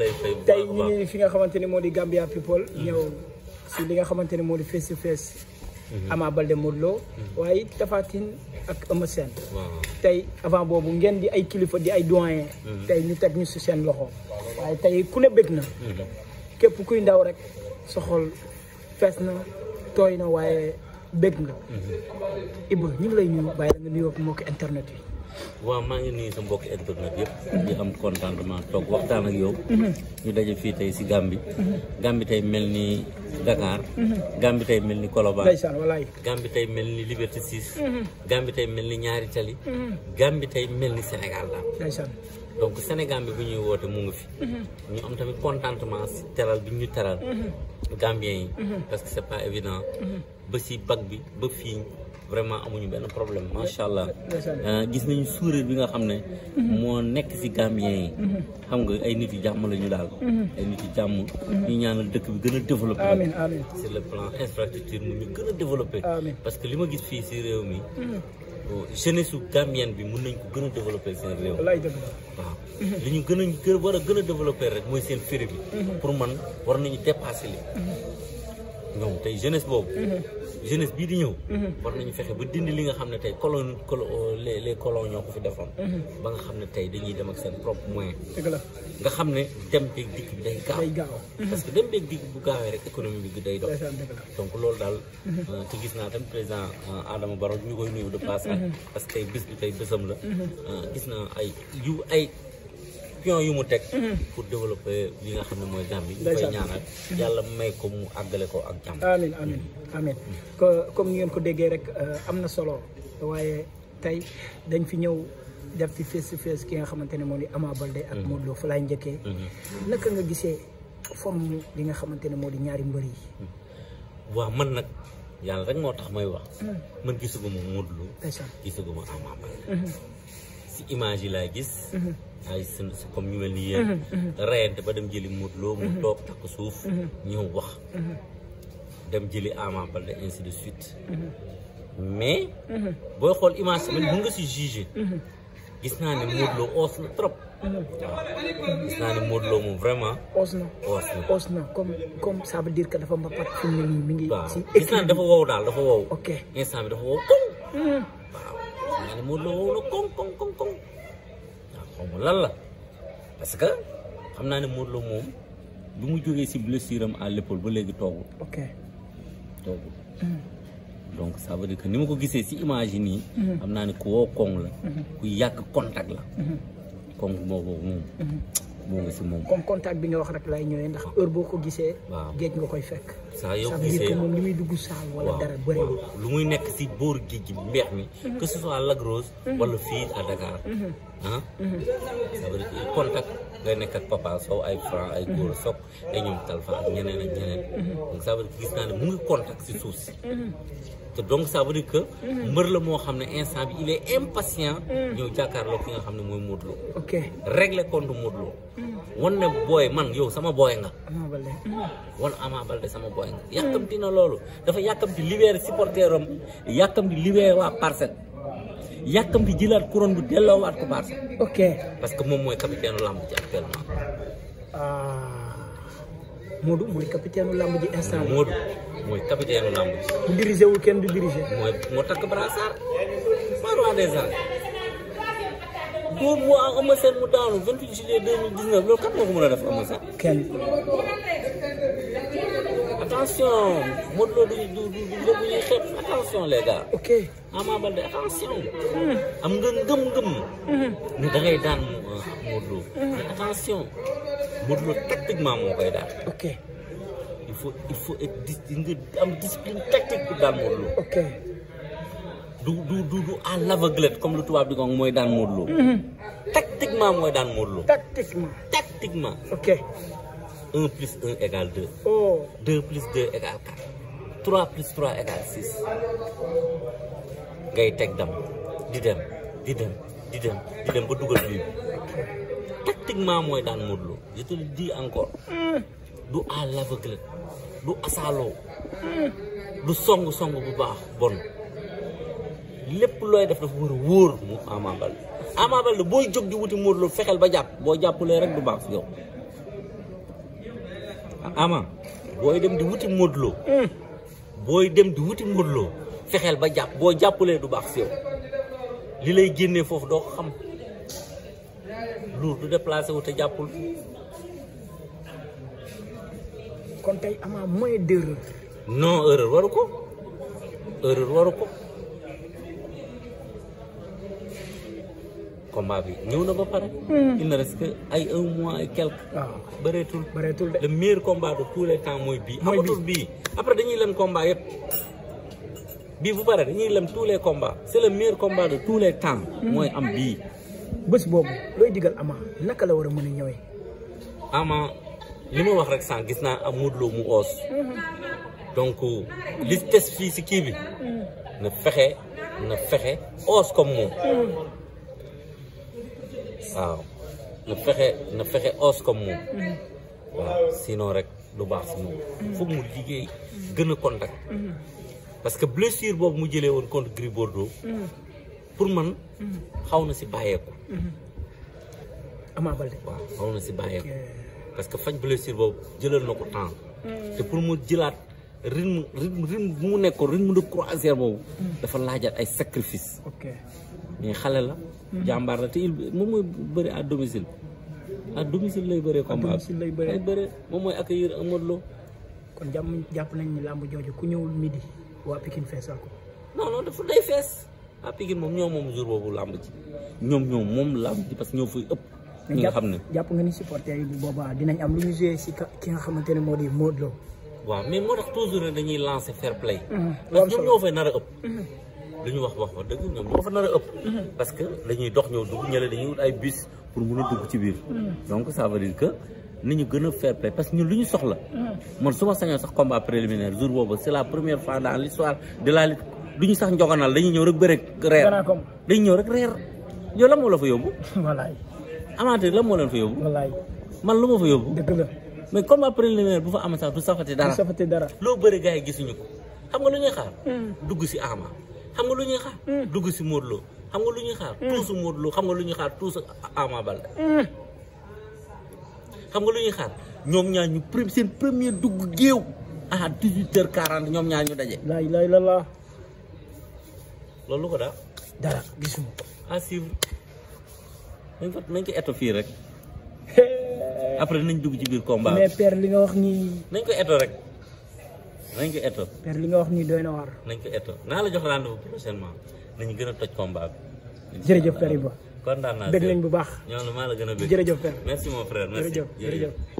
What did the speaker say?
lay tey ñu ngi fi nga xamante ni moo di Gambia people. ñëw si li nga xamante ni moo di face to face. Mhm. Ama Balde Modou mhm. waaye Tapha Tine ak Eumeu Sène. tey avant boobu ngeen di ay kilifa di ay doyen. Mhm. tey ñu teg ñu si seen loxo. waaye tey ku ne bëgg na. képp kuy ndaw rek soxol xol fees na tooy na waaye bëgg nga. Iba ñu lay ñu bàyyi la nga nuyoo ak mbokki internet yi. waaw maa ngi nuyu sa mbokki internet yëpp di am contentement toog waxtaan ak yow mm-hmm. ñu daje fii tey si Gàmbi mm-hmm. Gàmbi tey mel ni Dakar mm-hmm. Gàmbi tey mel ni Colobane Gàmbi tey mel ni Liberté 6 Gàmbi tey mel ni ñaari tali Gàmbi mel ni Sénégal la donc Sénégal bi bu ñuy woote mu ngi fi ñu am tamit contentement si teral bi ñu teral Gambien yi parce que c'est pas évident ba si bag bi ba fii vraiment amuñu benn problème macha allah euh, gis nañu sourire bi nga xam ne mhm. moo nekk si Gambien yi mhm. xam nga ay nit yu jàmm la ñu daal mhm. ay nit yu jàmm ñu ñaanal dëkk bi gën a développé amiin le plan infrastructure mu ñu gën a parce que li ma gis fii si réew mi jeunesse su Gambienne bi mun nañ ko gën a développé seen réew. waaw li ñu gën a gën war a gën a développé rek mooy seen féré bi. pour man war nañu dépassé li ñoom tey jeunesse boobu. Mhm. jeunesse bii di ñëw. Mhm. war nañu fexe ba dindi li nga xam ne tey colon colo les les oo ñoo ko fi defoon. Mhm. ba nga xam ne tey dañuy dem ak seen propre moyen. dëgg nga xam ne dem beeg dikk bi day gaaw. parce que dem beeg dikk bu gaawee rek économie bi day dox. donc loolu daal. Euh, te gis naa tam président euh, Adama Barrow ñu koy nuyu de passage. parce que tey bés bi tey bésam la. Euh, gis naa ay yu ay. pion yu mu teg mhm. pour développer yi nga xam ne mooy Gambie ñu koy ñaanal yàlla may ko mu àggale ko ak jàmm amin amin amin ngeen ko déggee rek euh, am na solo waaye tey dañ fi ñëw def fi face to ki nga xamante ne moom di Ama Baldé ak mhm. Modou Lo fa laay njëkkee mhm. naka nga gisee forme li nga xamante ne moo di ñaari mbër yi waaw man nag yàlla rek moo tax may wax man gisuguma Modou Lo gisuguma Ama Baldé si image yi laa gis mhm. comme ñu mel ni yéen mhm, mhm. reyante ba dem jëli Modou Lo takk suuf ñëw wax dam jëli Ama Baldé ainsi de suite mais booy xool image man bu nga si jugé gis naa ne Modou Lo oos na trop gis naa ne Modou Lo moom vraiment oos na oos na comme comme dire que dafa mbapat fi mu ne nii mi ngi waaw gis naa ne dafa wow daal dafa wow ok instant dafa wow nga ne Modou Lo wow na koŋ koŋ koŋ koŋ waaw lan la parce que xam naa ne Modou bu mu jógee si blessure am à l'épaule ba léegi toogul. ok toogul. donc ça veut ni ma ko gisee si image yi nii. xam naa ne ku wow koŋ la. ku yàgg contact la. kong boobu moom. si mhm. moom. comme contact bi nga wax rek lay ñëwee ndax heure boo ko gisee. waaw géej nga koy fekk. saa yoo gisee moom li muy dugg saal wala dara bëriwul. lu muy nekk si boor géej gi mbeex mi. Mhm. que ce soit Lac Rose. Mhm. wala fii à Dakar. ah. ça veut dire contact ngay nekk ak Papa Sow ay Franc ay Gora Sock ay ñoom Talfa ak ñeneen ak ñeneen. Mm-hmm. donc ça veut dire gis naa ne mu ngi contact si suuf si. Mm-hmm. te donc ça veut dire que. Mm-hmm. mbër la moo xam ne instant bi il est impatient. ñëw jàkkaarloo ki nga xam ne mooy Modou Lo. ok régler compte ne booy man yow sama booy nga. wan Ama Baldé sama booy nga. yàkkamti na loolu dafa yàkkamti libérer supporteram yàkkamti libérer waa parcelle. yàkkamti jëlaat couronne bi delloowaat ko Barça. ok parce que moom mooy capitaine u lamb ji actuellement. Modou mooy capitaine lamb ji instant mooy capitaine lamb ji. bu du dirigé. mooy takk brassard mooy roi des arènes. boobu moo am Eumeu Sène mu daanu loolu kat moo ko mën a def Eumeu attention Modou Lo du du du du attention les Ama Baldé attention. Hmm. am nga ngëm-ngëm. ne da ngay daan Modou Lo. mais attention Modou Lo tactiquement moo koy daan. ok il faut il faut être dis nga am discipline tactique pour daan Modou Lo. ok du du du du à l'aveuglette comme lu tubaab di ko mooy daan Modou Lo. Hmm. tactiquement mooy daan Modou Lo. tactiquement tactiquement. ok. 1 e plus 1 égale 2. oh 2 plus 2 égale 4. 3 plus trois égale 6 teg dam di dem di dem di dem di dem ba dugal mooy daan Modou Lo je te le dis encore du à l'aveugle du asaaloo du song song bu baax bon lépp looy def dafa war a wóor mu Ama Baldé Ama Baldé booy jóg di wuti Modou Lo ba jàpp boo jàppulee rek du baax yow Ama booy dem di wuti Modou booy dem di wuti Modou Lo fexeel ba jàpp boo jàppalee du baax si yow li lay génnee foofu doo ko xam loolu du déplacé wu te jàppul. kon tey amaa moyen d'erreur. non erreur waru ko erreur waru ko. combat bi ñëw na ba pare. Hmm. il ne reste que ay un mois et quelque. waaw ah. bëreetul bëreetul le les temps mooy bii. mooy bii après dañuy lem combat yëpp. bii bu pare dañuy lem tous les combats c' est le meilleur combat de tous les temps. Hmm. mooy am bii. bës boobu looy digal Ama naka la war a mën a ñëwee. Ama li ma wax rek sànq gis naa am Modou mu oos. Hmm. donc li fii si kii bi. na fexe na fexe oos comme moom. waaw na fexe na fexe os comme moom waaw sinon rek lu baax si moom foog mu liggéey gën a contact parce que blessure boobu mu jëlee woon contre Gris pour man xaw na si bàyyeeku Ama Baldé waaw parce que faj blessure boobu jëlal na ko temps te pour mu jëlaat rythme rythme bu mu nekkoon rythme de croisière boobu dafa laajaat ay sacrifice mais xale la. Mhm. jàmbaar la te il moom mooy bëri à domicile. à domicile lay bëree. combat à domicile lay bëree combat moom mooy accueillir Modou Lo. kon jàmm jàpp nañ ni làmb jooju ku ñëwul midi waa Pikine feesal ko. non non dafa day moom ñoo moom jour boobu làmb ji ñoom ñoom moom làmb ji parce que ñoo fay nga xam ne jàpp nga ni supporter yi bu boobaa dinañ am lu ñu si ki nga xamante ne moo di Modou Lo. waaw mais moo dañuy lancer fair play. Mhm. parce que ñoom ñoo fay nar ëpp. Mhm. lu ñu wax wax fa dëgg ñoom ñoo fa nar ëpp parce que dañuy dox ñëw dugg ñële dañuy wut ay bus pour mun a dugg ci biir donc ça veut dire ni ñu gën fair play parce que ñun lu ñu soxla man su ma sañoon sax combat préliminaire jour boobu c'est la première fois dans l'histoire de la lutte du ñu sax njoganal dañuy ñëw rek bëre reer dañuy ñëw rek reer yow lan moo la fa yóbbu wallaay amateur lan moo leen fa yóbbu man lu ma fa yóbbu dëgg la mais combat préliminaire bu fa am loo bëri gars yi gisuñu ko xam nga lu ñuy xaar hmm. dugg si ama xam nga lu ñuy xaar. Hmm. dugg si Modou Lo xam nga lu ñuy xaar. Hmm. tuusu Modou Lo xam nga lu ñuy xaar tuusu Ama Baldé. Hmm. xam nga lu ñuy xaar ñoom ñaar ñu premier seen dugg géew à 18h40 ñoom ñaar ñu daje. la ilaha loolu ko daal. dara gisuma nañ ko nañ eto fii rek après nañ dugg ci biir combat mais père li nga wax nii. nañ ko eto rek. nañ ko etto. père li nga wax nii doy na waar. nañ ko etto naa la jox rendez-vous prochainement nañu gën a toj combat bi. jërëjëf père Iba kontaan naa dégg nañ bu baax. ñoom maa la gën a bëgg jërëjëf père. merci mon frère merci jërëjëf jërëjëf.